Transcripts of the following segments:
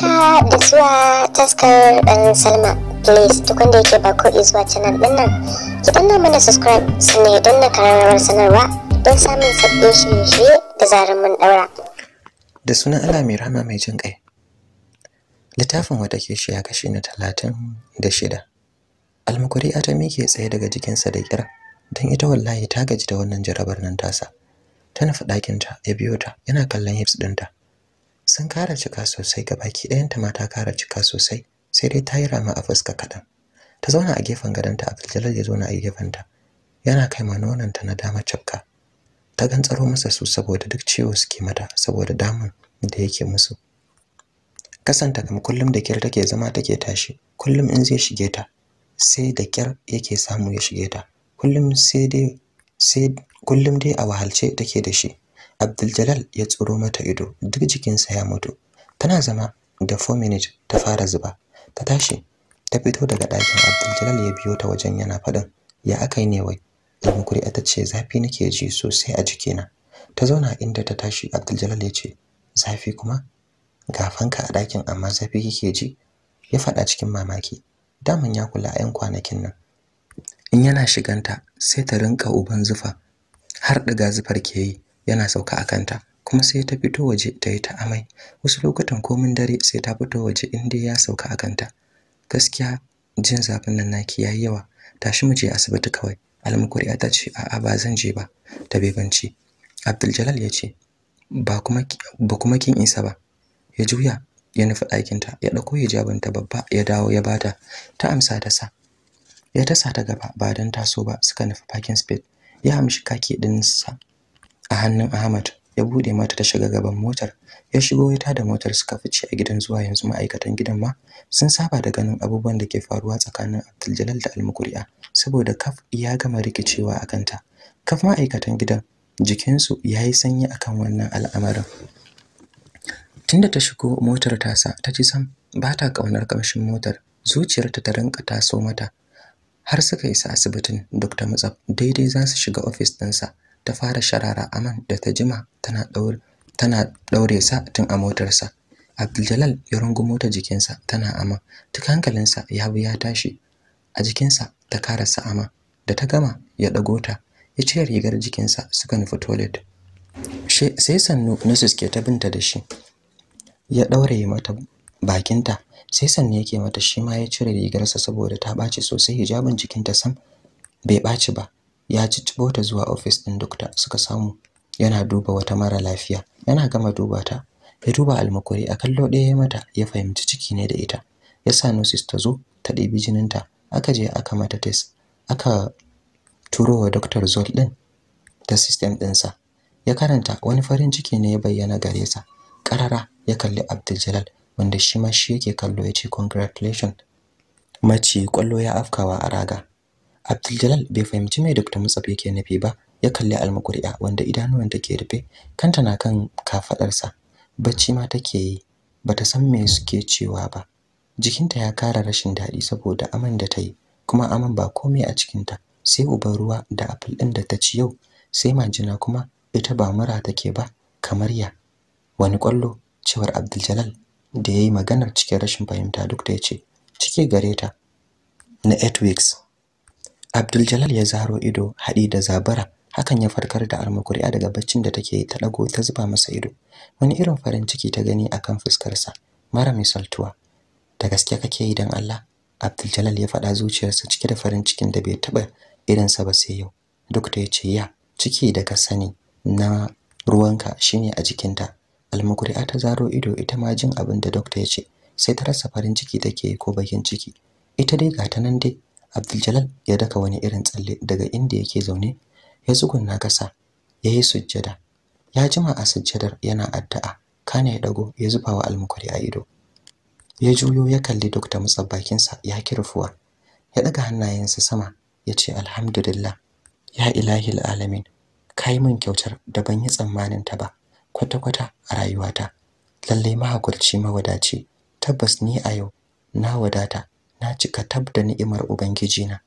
haka da zuwa taskar dan salma please duk wanda yake ba ko zuwa canal din nan ki danna mana subscribe sannan ya danna karamar sanarwa don samun sabbin shirye-shirye da zarar mun daura da sunan Allah mai rahama mai jin kai littafin wata ke shi ya na talatin da shida almakuri ta ke tsaye daga jikinsa da kira don ita wallahi ta gaji da wannan jarabar nan tasa tana nufi ya biyo ta yana kallon hips ɗinta sun kara cika sosai gabaki ɗayanta ma ta kara cika sosai sai dai ta yi rama a fuska kaɗan ta zauna a gefen gadonta abdul ya zauna a ta, yana kai ma nonanta na dama cakka. ta gan tsaro masa su saboda duk ciwo suke mata saboda damun da yake musu kasanta kam kullum da kyar take zama take tashi kullum in zai shige ta sai da kyar yake samu ya shige ta kullum sai dai sai kullum dai a wahalce take da shi Abdul ya tsoro mata ido duk jikinsa ya mutu tana zama da 4 minutes ta fara zuba ta tashi ta fito daga ɗakin Abdul ya biyo ta wajen yana faɗin ya akai ne wai kuri'a ta ce zafi nake ji sosai a jikina ta zauna inda ta tashi Abdul ya ce zafi kuma gafanka a ɗakin amma zafi kike ji ya faɗa cikin mamaki daman ya kula a 'yan kwanakin nan in yana shiganta sai ta rinka uban zufa har ɗiga zufar ke yi yana sauka a kanta kuma sai ta fito waje ta yi ta amai wasu lokutan komin dare sai ta fito waje in dai ya sauka a kanta gaskiya jin zafin nan naki yayi yawa tashi mu je asibiti kawai almukuri ta ce a'a ba zan je ba ta bebanci abdul ya ce ba kuma ba kuma kin isa ba ya juya ya nufi ɗakinta ya ɗauko ta babba ya dawo ya bata ta amsa ta sa ya ta sa ta gaba ba don taso ba suka nufi parking space ya amshi kaki ɗinsa a hannun Ahmad ya bude mata ta shiga gaban motar ya shigo ya tada motar suka fice a gidan zuwa yanzu ma'aikatan gidan ma sun saba da ganin abubuwan da ke faruwa tsakanin Abdul da Almukuri'a saboda kaf ya gama rikicewa akan ta kaf ma'aikatan gidan jikinsu yayi sanyi akan wannan al'amarin tunda ta shigo motar tasa ta ji sam ba ta kaunar kamshin motar zuciyarta ta rinka taso mata har suka isa asibitin Dr. Mutsaf daidai za su shiga ofis ɗinsa ta fara sharara aman da ta jima tana daure tana daure sa tun a motarsa Abdul ya rungumota jikinsa tana aman Tuka hankalinsa ya bi ya tashi a jikinsa ta karasa aman da ta gama ya dago ta ya cire rigar jikinsa suka nufi toilet sai sannu Nasus ke ta binta da shi ya daure mata bakinta sai sannu yake mata shi ma ya cire rigarsa saboda ta ɓaci sosai hijabin jikinta sam bai ɓaci ba ya ciccibo ta zuwa ofis ɗin dokta suka samu yana duba wata mara lafiya yana gama duba ta ya duba almakuri a kallo ɗaya mata ya fahimci ciki ne da ita ya sa nosis ta zo ta ɗebi jininta aka je aka mata test aka turo wa dokta Zol ɗin ta sistem ɗinsa ya karanta wani farin ciki ne ya bayyana gare sa karara ya kalli Abdul wanda shi ma shi yake kallo ya ce congratulation mace kwallo ya afkawa a raga AbdulJalal bai fahimci me Dr. Mutsaf yake nufi ba, ya kalli almakuri'a wanda idanuwan take rufe, kanta na kan kafadarsa. Bacci ma take yi, bata san me suke cewa ba. Jikinta ya kara rashin daɗi saboda aman da ta yi, kuma aman ba komai a cikinta, sai uban ruwa da apple ɗin da ta ci yau, sai majina kuma ita ba mura take ba, kamar ya. Wani kwallo cewar Abdul da ya yi maganar cikin rashin fahimta duk da ya ce, cike gare ta na 8 weeks Abdul ya zaro ido haɗi da zabara hakan ya farkar da almukuri'a daga baccin da take ta dago ta zuba masa ido wani irin farin ciki ta gani akan fuskarsa mara misaltuwa da gaske kake yi dan Allah Abdul ya faɗa zuciyarsa cike da farin cikin da bai taɓa irinsa ba sai yau dokta ya ce ya ciki da ka sani na ruwanka shine a jikinta almukuri'a ta zaro ido ita ma jin abin da dokta ya ce sai ta rasa farin ciki take ko bakin ciki ita dai gata nan dai Abdul ya daka wani irin tsalle daga inda yake zaune ya tsugunna kasa yi sujjada ya jima a sujjadar yana addu'a kana ya dago ya zuba wa almukuri a ido ya juyo ya kalli Dokta Musa bakinsa ya kirfuwa ya daga hannayensa sama ya ce alhamdulillah ya ilahi alamin kai min kyautar da ban yi tsammanin ta ba kwata-kwata a rayuwata lalle mahakurci mawadaci tabbas ni a yau na wadata na cika tab da ni'imar Ubangiji ubangijina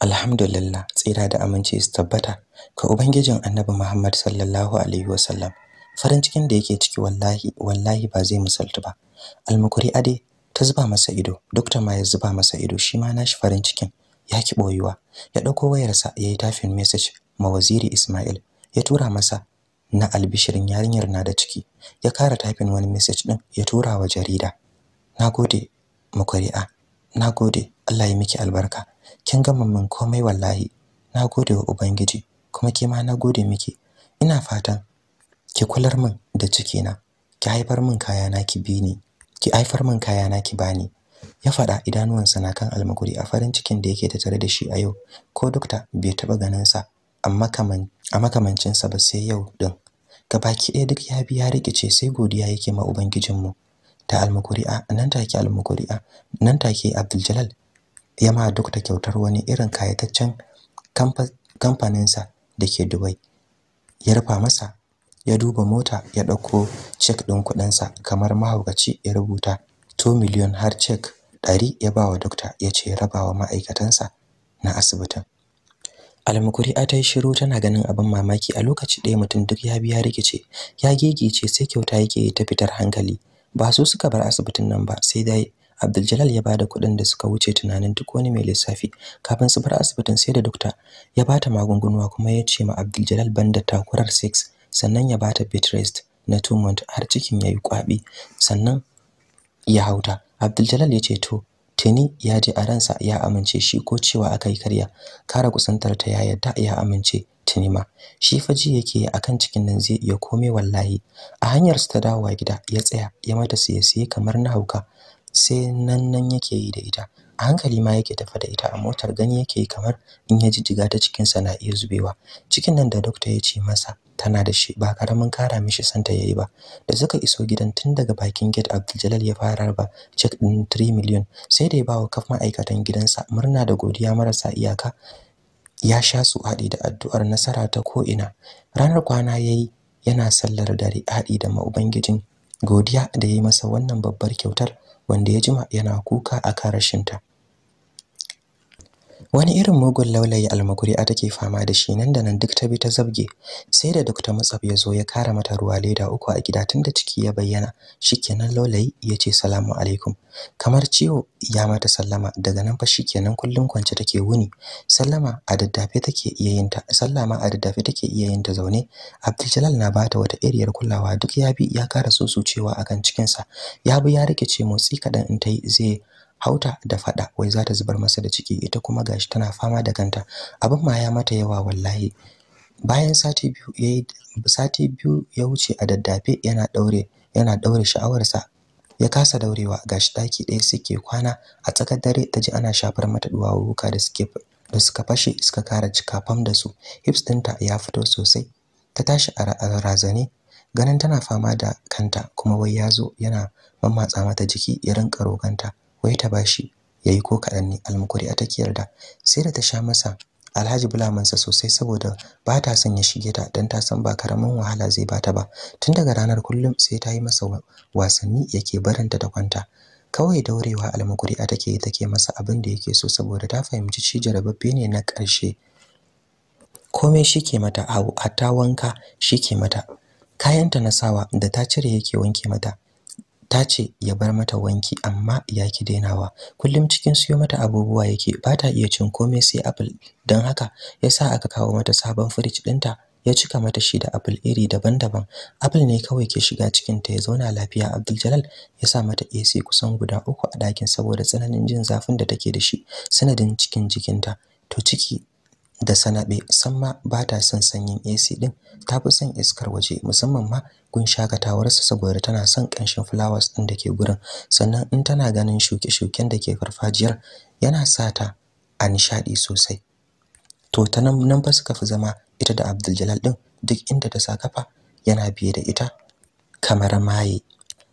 alhamdulillah tsira da aminci su tabbata ka ubangijin annabi Muhammad sallallahu alaihi wasallam farin cikin da yake ciki wallahi wallahi ba zai misaltu ba almukuri ade ta zuba masa ido duk ta ma ya zuba masa ido shi ma nashi farin cikin ya ki boyuwa ya ɗauko wayarsa ya yi tafin message ma waziri Ismail ya tura masa na albishirin yarinyar na da ciki ya kara tafin wani message ɗin, ya tura wa jarida Na gode mukuri'a Na gode, Allah ya miki albarka kin gama min komai wallahi na gode wa ubangiji kuma ke ma gode miki ina fatan ki kular min da na ki haifar min kayana ki bi bini ki haifar min kayana ki bani ya faɗa idanuwansa na kan almaguri a farin cikin da yake tattare da shi a yau ko dokta bai taɓa ganinsa a makamancinsa ba sai yau ɗin gabaki ɗaya duk ya bi ya rikice sai godiya yake ma ubangijinmu ta almukuri'a nan take almukuri'a nan take Abduljalal, ya ma ta kyautar wani irin kayataccen kamfaninsa da ke Dubai ya rufa masa ya duba mota ya ɗauko cek ɗin kuɗinsa kamar mahaukaci ya rubuta 2 miliyon har cek ɗari ya ba wa dokta ya ce wa ma'aikatansa na asibitin Almakuri'a ta yi shiru tana ganin abin mamaki a lokaci ɗaya mutum duk ya biya rikice ya gegece sai kyauta yake ta fitar hankali ba su suka bar asibitin nan ba sai dai Abdul ya bada kuɗin da suka wuce tunanin duk wani mai lissafi kafin su bar asibitin sai da dokta ya bata magunguna kuma ya ce ma Abdul Jalal banda takurar 6 sannan ya bata bed rest na 2 month har cikin yayi kwabi sannan ya hauta Abdul Jalal ya ce to tuni ya je a ransa ya amince shi ko cewa akai karya kara kusantar ta ya yadda ya amince tuni ma shi fa ji yake akan cikin nan zai iya komai wallahi a hanyar su ta dawowa gida ya tsaya ya mata siye siye kamar na hauka sai nan nan yake yi da ita a hankali ma yake tafa da ita a motar gani yake kamar in ya ji jiga ta cikin sa na iya zubewa cikin nan da dokta ya ce masa tana da shi ba karamin kara mishi santa yayi ba da suka iso gidan tun daga bakin gate Abdul ya fara ba check din 3 million sai da ya bawa kaf ma'aikatan gidansa murna da godiya marasa iyaka ya sha su haɗi da addu'ar nasara ta ko'ina ranar kwana ya yi yana sallar dare haɗi da ubangijin godiya da ya yi masa wannan babbar kyautar wanda ya jima yana kuka a rashinta wani irin mugun laulayi a take fama da shi nan da nan duk ta bi ta zabge sai da Dr. Mutsaf ya zo ya kara mata ruwa leda uku a gida tun da ciki ya bayyana shikenan laulayi ya ce salamu alaikum kamar ciwo ya mata sallama daga nan fa shikenan kullum kwance take wuni sallama a daddafe take iya yin ta sallama a daddafe take iya yin ta zaune Abdul na bata wata iriyar kulawa duk ya bi ya kara cewa akan cikinsa ya bi ya rike ce motsi kadan in ta yi zai hauta da fada wai za ta zubar masa da ciki ita kuma gashi tana fama da kanta abin ma ya mata yawa wallahi bayan sati biyu yayi sati biyu ya wuce a daddafe yana daure yana daure sha'awarsa ya kasa daurewa gashi daki ɗaya suke kwana a tsakar dare ta ji ana shafar mata duwawuka da suke da suka fashe suka kara cika fam da su hips ɗinta ya fito sosai ta tashi a razane ganin tana fama da kanta kuma wai ya zo yana mamatsa mata jiki ya rinka rokanta wai ta bashi yayi ko kaɗan ne a take yarda sai da ta sha masa Alhaji sa sosai saboda ba ta son ya shige ta dan ta san ba karamin wahala zai bata ba tun daga ranar kullum sai ta yi masa wasanni yake barinta ta kwanta kawai daurewa almukuri'a take take masa abin da yake so saboda ta fahimci shi jarababbe ne na karshe komai shike mata hatta wanka shike mata kayanta na sawa da ta cire yake wanke mata ta ce ya bar mata wanki amma ya ki dainawa kullum cikin siyo mata abubuwa yake ba ta iya cin komai sai apple don haka ya sa aka kawo mata sabon fridge ɗinta ya cika mata shi da apple iri daban-daban apple ne kawai ke shiga cikin ta ya zauna lafiya Abdul ya sa mata AC kusan guda uku a ɗakin saboda tsananin jin zafin da take da shi sanadin cikin jikinta to ciki da sanabe samma ba ta son sanyin AC din ta fi son iskar waje musamman ma gun shakatawarsa saboda tana son kanshin flowers din da ke gurin sannan in tana ganin shuke-shuken da ke farfajiyar yana sa ta a nishadi sosai to ta nan ba suka fi zama ita da Abdul din duk inda ta sa kafa yana biye da ita kamar maye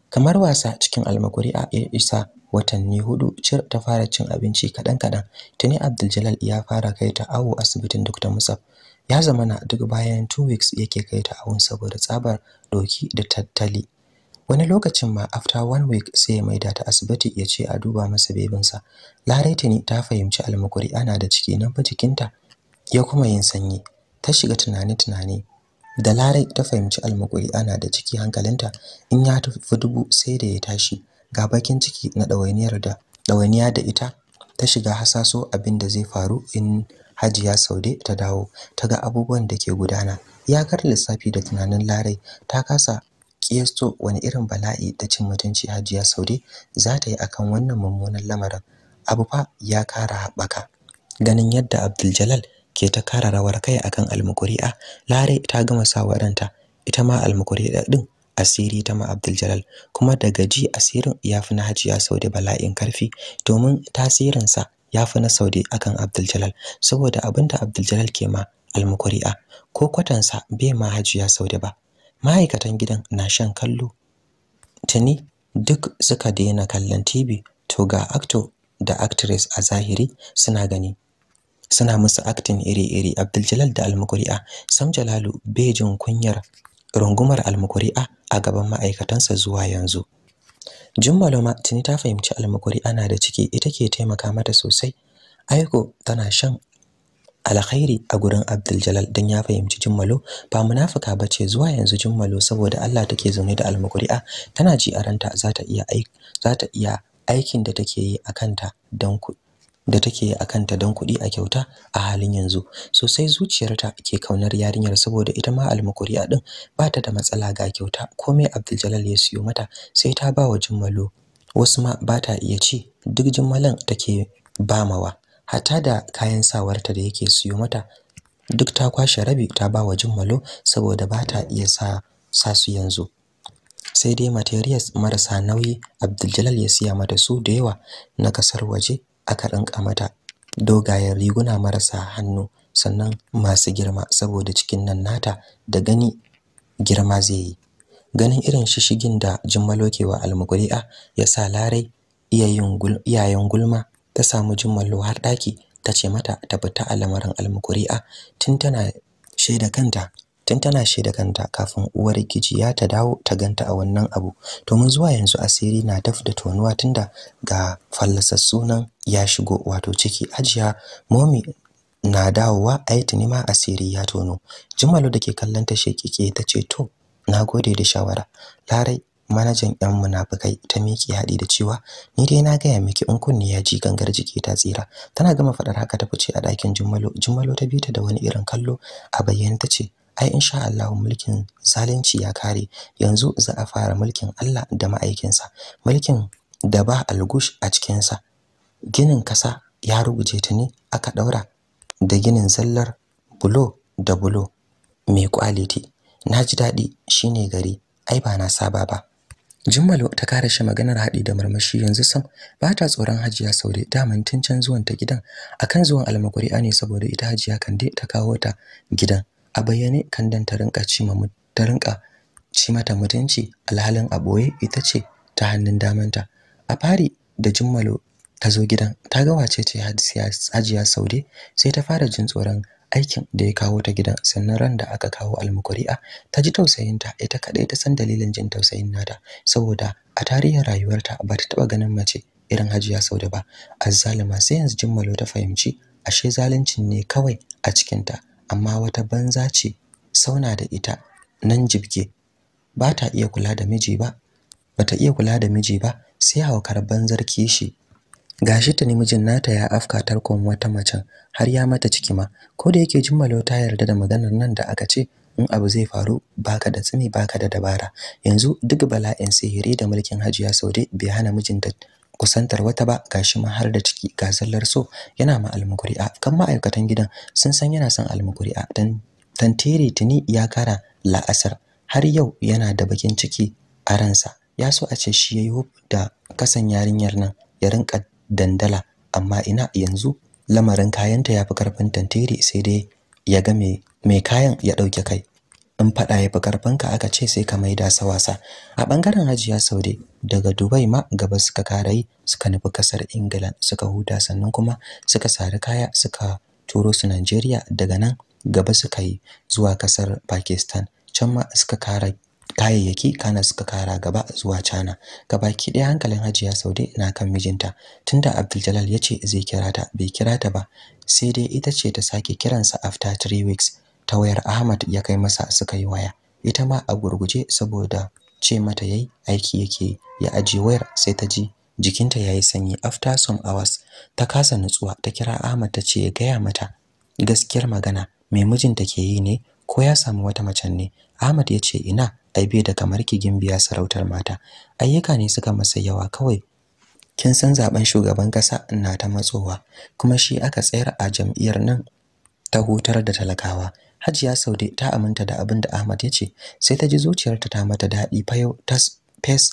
kamar wasa cikin almakuri a isa watanni hudu cir ta fara cin abinci kaɗan kaɗan tuni Abdul ya fara kai ta awo asibitin Dr. Musab ya zama na duk bayan 2 weeks yake kai ta awon saboda tsabar doki da tattali wani lokacin ma after one week sai ya maida ta asibiti ya ce a duba masa bebinsa larai tuni ta fahimci almukuri ana da ciki nan fa jikinta ya kuma yin sanyi ta shiga tunani-tunani, da larai ta fahimci almukuri ana da ciki hankalinta in ya tafi dubu sai da ya tashi ga bakin ciki na ɗawainiyar da ɗawainiya da ita ta shiga hasaso abin da zai faru in Hajiya Saude ta dawo ta ga abubuwan da ke gudana ya kar lissafi da tunanin Larai ta kasa kiyasto wani irin bala'i da cin mutunci Hajiya Saude za ta yi akan wannan mummunan lamarin abu fa ya kara haɓaka ganin yadda Abdul ke ta kara rawar kai akan almukuri'a Larai ta gama sa ranta ita ma almukuri'a ɗin. asiri ta ma jalal kuma daga ji asirin ya fi na Hajiya Saude bala'in karfi domin tasirinsa ya fi na Saude akan Abdul saboda abinda Abdul Jalal ke ma almukuri'a ko kwatansa bai ma Hajiya Saude ba ma'aikatan gidan na shan kallo tuni duk suka daina kallon TV to ga actor da actress a zahiri suna gani suna musu acting iri-iri Abdul da Almukuri'a Sam Jalalu bai jin kunyar rungumar almukuri'a a gaban ma'aikatansa zuwa yanzu Jummaloma tuni ta fahimci almukuri'a na da ciki ita ke taimaka mata sosai aiko tana shan alkhairi a gurin Abdul Jalal dan ya fahimci Jummalo ba munafuka ce zuwa yanzu Jummalo saboda Allah take zaune da almukuri'a tana ji a ranta za ta iya aikin da take yi a kanta don da take a kanta don kuɗi a kyauta a halin yanzu sosai zuciyarta ke kaunar yarinyar saboda ita ma almakuriya din ba ta da matsala ga kyauta komai Abdul ya siyo mata sai ta ba wa jummalo wasu ma ba ta iya ci duk jummalan take ba mawa hatta da kayan sawarta da yake siyo mata duk ta kwashe rabi ta ba wa jummalo saboda ba ta iya sa su yanzu sai dai materials marasa nauyi Abdul ya siya mata su da yawa na kasar waje aka rinka mata dogayen riguna marasa hannu sannan masu girma saboda cikin nan nata da gani girma zai yi ganin irin shishigin da jimmalo ke wa almuguri'a ya sa larai iyayen gulma ta samu jimmalo har ɗaki ta ce mata ta fita a lamarin almukuri'a tun tana shaida kanta tun tana shaida kanta kafin uwar gijiya ta dawo ta ganta a wannan abu domin zuwa yanzu asiri na daf da tonuwa tunda ga fallasassu sunan ya shigo wato ciki ajiya momi na dawowa a yi tunima asiri ya tono jimalo da ke kallon ta shekike ta ce to na gode da shawara larai manajan yan munafukai ta miki haɗi da cewa ni dai na gaya miki in kunni ya ji gangar jiki ta tsira tana gama faɗar haka ta fice a ɗakin jummalo jummalo ta bi ta da wani irin kallo a bayyane ta ce ai in sha Allah mulkin zalunci ya kare yanzu za a fara mulkin Allah da ma'aikinsa mulkin da ba algush a cikin sa ginin kasa ya ruguje ta ne aka daura da ginin zallar bulo da bulo mai quality naji dadi shine gari ai ba na saba ba Jummalo ta kare shi maganar haɗi da marmashi yanzu sam ba ta tsoron Hajiya Saude daman tun can zuwan ta gidan akan zuwan almakuri'a ne saboda ita Hajiya Kande ta kawo ta gidan a bayyane kandan ta rinka ci ta rinka ci mata mutunci alhalin a ita ce ta hannun damanta a fari da jummalo ta zo gidan ta ga wace ce hajiya saude sai ta fara jin tsoron aikin da ya kawo ta gidan sannan ran da aka kawo almukuri'a ta ji tausayinta ita kadai ta san dalilin jin tausayin nata saboda a tarihin rayuwarta ba ta taɓa ganin mace irin hajiya saude ba azzalima sai yanzu jummalo ta fahimci ashe zaluncin ne kawai a cikinta amma wata banza ce sauna da ita nan jibge ba ta iya kula da miji ba ta iya kula da miji ba sai haukar banzar kishi gashi ta mijin nata ya afka tarkon wata macen har ya mata ciki ma ko da yake jimmalo ta yarda da maganar nan da aka ce in abu zai faru baka da tsini baka da dabara yanzu duk bala'in sihiri da mulkin Hajiya Saude bai hana mijinta kusantar wata ba gashi ma har da ciki ga zallar so yana ma almuguri'a kan ma'aikatan gidan sun san yana son almuguri'a dan tantere tuni ya kara la'asar har yau yana da bakin ciki a ransa ya so a ce shi yayi hub da kasan yarinyar nan ya rinka dandala amma ina yanzu lamarin kayanta ya fi karfin tantere sai dai ya ga mai kayan ya ɗauke kai in faɗa ya fi ka aka ce sai ka maida sa wasa a ɓangaren hajiya saude daga dubai ma gaba suka yi suka nufi kasar ingila suka huta sannan kuma suka sari kaya suka turo su nigeria daga nan gaba suka yi zuwa kasar pakistan can ma suka kara kayayyaki kana suka kara gaba zuwa cana gabaki ɗaya hankalin hajiya saude na kan mijinta tunda abdul ya ce zai kira ta bai kira ta ba sai dai ita ce ta sake kiransa after three weeks ta wayar Ahmad ya kai masa suka yi waya ita ma a gurguje saboda ce mata yayi aiki yake ya aje wayar sai ta ji jikinta yayi sanyi after some hours ta kasa nutsuwa ta kira Ahmad ta ce ya gaya mata gaskiyar magana mai mijinta ke yi ne ko ya samu wata macen ne Ahmad ya ce ina ai bai da kamar ki gimbiya sarautar mata ayyuka ne suka masa yawa kawai kin san zaben shugaban kasa na ta matsowa kuma shi aka tsayar a jam'iyyar nan ta hutar da talakawa Hajiya Saude ta aminta da abin da Ahmad ya ce, sai ta ji zuciyarta ta mata daɗi fa yau ta fes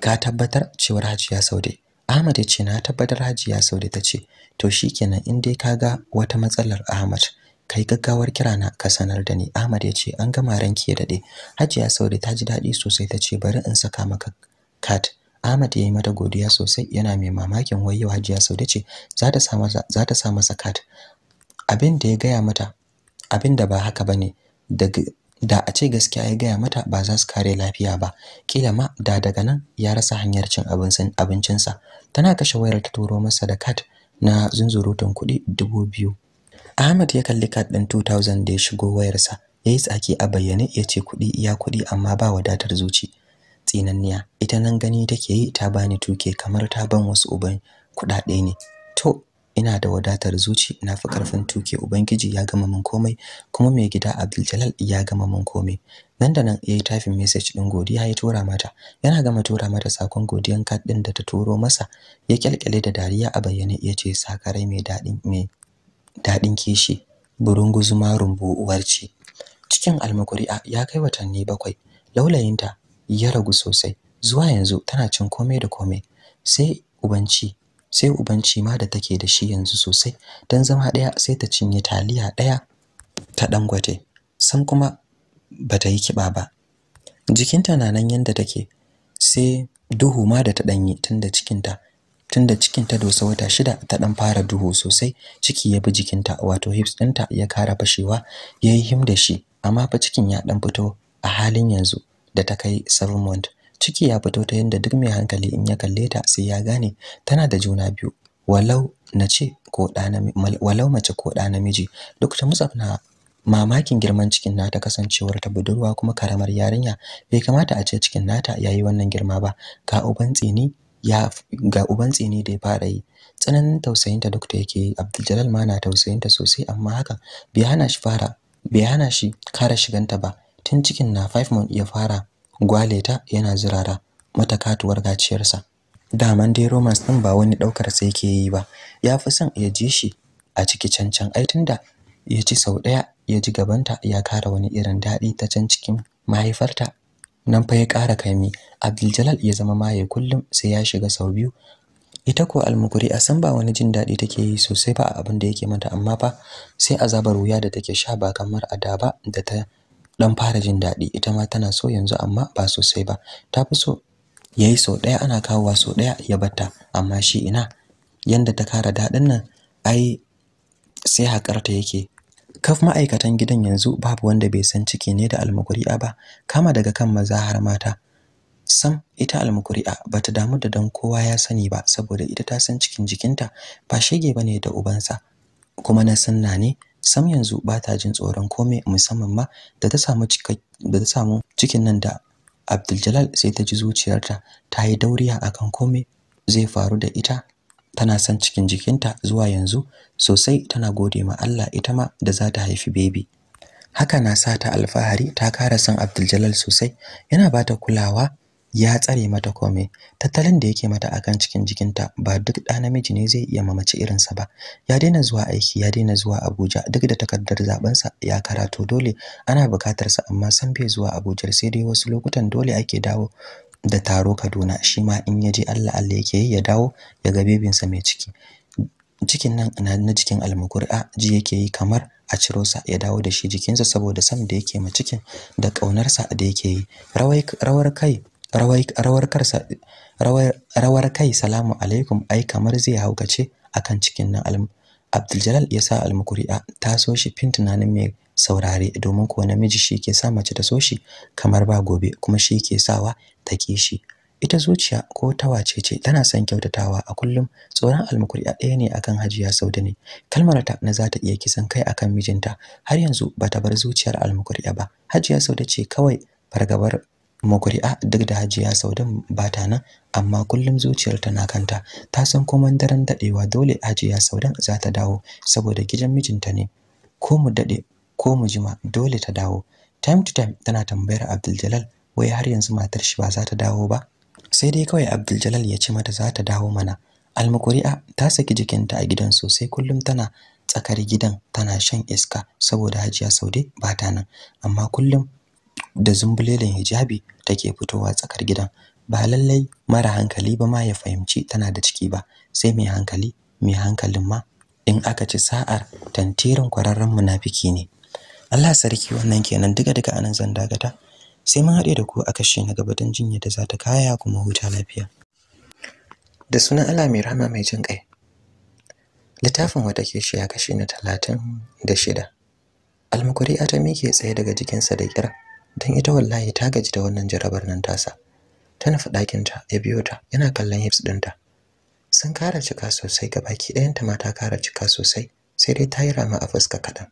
ka tabbatar cewar Hajiya Saude. Ahmad ya ce na tabbatar Hajiya Saude ta ce, to shikenan in dai ka ga wata matsalar Ahmad kai gaggawar kira na ka sanar da ni. Ahmad ya ce an gama ranki ya daɗe Hajiya Saude ta ji daɗi sosai ta ce bari in saka maka kat Ahmad ya yi mata godiya sosai yana mai mamakin wayewa Hajiya Saude ce za ta sa masa za ta Abin da ya gaya mata abin da ba haka ba ne, da a ce gaskiya ya gaya mata ba za su kare lafiya ba kila ma da daga nan ya rasa hanyar cin abincinsa tana kashe wayar ta turo masa da kat na zunzurutun kuɗi dubu biyu Ahmad ya kalli kat ɗin 2000 da ya shigo wayarsa ya yi tsaki a bayyane ya ce kuɗi iya kuɗi amma ba wadatar zuci tsinanniya ita nan gani take yi ta bani tuke kamar ta ban wasu uban kuɗaɗe ne to ina da wadatar zuci na fi karfin tuke ubangiji ya gama min komai kuma mai gida Abdul Jalal ya gama min komai nan da nan ya yi typing message din godiya ya tura mata yana gama tura mata sakon godiyan card ɗin da ta turo masa ya kyalkyale da dariya a bayyane ce sakarai mai dadin mai dadin kishi burunguzuma rumbu uwarci cikin almakuri'a ya kai watanni bakwai laulayinta ya ragu sosai zuwa yanzu tana cin komai da komai sai ubanci sai ubanci ma da take da shi yanzu sosai dan zama daya sai ta cinye taliya daya ta dangote san kuma bata yi kiba ba jikinta na nan yanda take sai duhu ma da ta danyi tunda cikinta tunda cikinta dosa wata shida ta dan fara duhu sosai ciki ya bi jikinta wato hips ɗinta ya kara fashewa yayi him da shi amma fa cikin ya dan fito a halin yanzu da ta kai 7 month ciki ya fito ta yadda duk mai hankali in ya kalle ta sai ya gane tana da juna biyu walau na ce ko walau mace ko ɗa namiji Dokta Musab na mamakin girman cikin nata kasancewar ta budurwa kuma karamar yarinya bai kamata a ce cikin nata ya yi wannan girma ba ga uban tsini ya ga uban tsini da ya fara yi tsananin tausayinta dokta yake yi Abdul ma na tausayinta sosai amma haka bai hana shi fara bai hana shi kara shiganta ba tun cikin na 5 month ya fara gwale ta yana zirara mata gaciyarsa daman dai romance din ba wani daukar sai ke yi ba ya fi son ya ji shi a ciki cancan ai tunda ya ci sau daya ya ji gabanta ya kara wani irin daɗi ta can cikin mahaifarta nan fa ya ƙara kaimi abdul ya zama maye kullum sai ya shiga sau biyu ita ko almukuri a san ba wani jin daɗi take yi sosai ba a abin da yake mata amma fa sai azabar wuya da take sha ba kamar adaba da ba da ta dan fara jin daɗi ita ma tana so yanzu amma ba sosai ba ta fi so yayi sau ɗaya ana kawowa sau ɗaya ya batta amma shi ina yanda ta kara daɗin nan ai sai haƙarta yake kaf ma'aikatan gidan yanzu babu wanda bai san ciki ne da almukuri'a ba kama daga kan maza har mata sam ita almukuri'a bata damu da dan kowa ya sani ba saboda ita ta san cikin jikinta ba shege bane da ubansa kuma na sanna ne sam yanzu ba ta jin tsoron komai musamman ma da ta samu da ta samu cikin nan da Abdul sai ta ji zuciyarta ta yi dauriya akan komai zai faru da ita tana son cikin jikinta zuwa yanzu sosai tana gode ma Allah ita ma da za ta haifi baby haka na sa ta alfahari ta kara san Abdul sosai yana ba ta kulawa ya tsare mata komai tattalin da yake mata akan cikin jikinta ba duk ɗa namiji ne zai iya mamaci irinsa ba ya daina zuwa aiki ya daina zuwa Abuja duk da takardar zabensa ya karato dole ana bukatar sa amma san bai zuwa Abuja sai dai wasu lokutan dole ake dawo da taro Kaduna shi ma in yaje Allah Allah yake yi ya dawo ya ga bebinsa mai ciki cikin nan na cikin almukura ji yake yi kamar a ciro sa ya dawo da shi jikinsa saboda sam da yake ma cikin da kaunarsa da yake yi rawar kai rawar kai salamu alaikum ai kamar zai a kan cikin nan alm Abdul ya sa almukuri'a ta so shi fin tunanin mai saurare domin ko namiji shi ke sa mace ta so shi kamar ba gobe kuma shi ke sawa ta ki shi ita zuciya ko ta wace ce tana son kyautatawa a kullum tsoron almukuri'a ɗaya ne akan hajiya Saude kalmar ta na za ta iya kisan kai akan mijinta har yanzu ba ta bar zuciyar almukuri'a ba hajiya Saude ce kawai fargabar makuri'a duk da hajiya saudan ba ta nan amma kullum zuciyar tana kanta ta san komai daren dadewa dole hajiya saudan za ta dawo saboda gidan mijinta ne ko mu dade ko mu jima dole ta dawo time to time tana tambayar Abdul wai har yanzu matar shi ba za ta dawo ba sai dai kawai Abdul ya ce mata za ta dawo mana Almukuri'a ta saki jikinta a gidan sosai kullum tana tsakar gidan tana shan iska saboda Hajiya Saude ba ta nan amma kullum da zumbulelen hijabi take fitowa tsakar gidan ba lallai mara hankali ba ma ya fahimci tana da ciki ba sai mai hankali mai hankalin ma in aka ci sa'ar tantirin kwararren munafiki ne Allah sarki wannan kenan duka duka anan zan dagata sai mun haɗe da ku a kashe na gaba don jinya da za ta kaya kuma huta lafiya da sunan Allah mai rahama mai jin kai littafin wata ke shi a kashe na talatin da shida almakuri ta mike tsaye daga jikinsa da kira dan ita wallahi ta gaji da wannan jarabar nan tasa ta nufi ɗakinta ya biyo ta yana kallon hips ɗinta sun kara cika sosai ga baki ɗayanta ma ta kara cika sosai sai dai ta yi rama a fuska kaɗan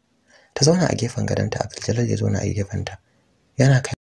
ta zauna a gefen gadonta abdul ya zo na a ta, yana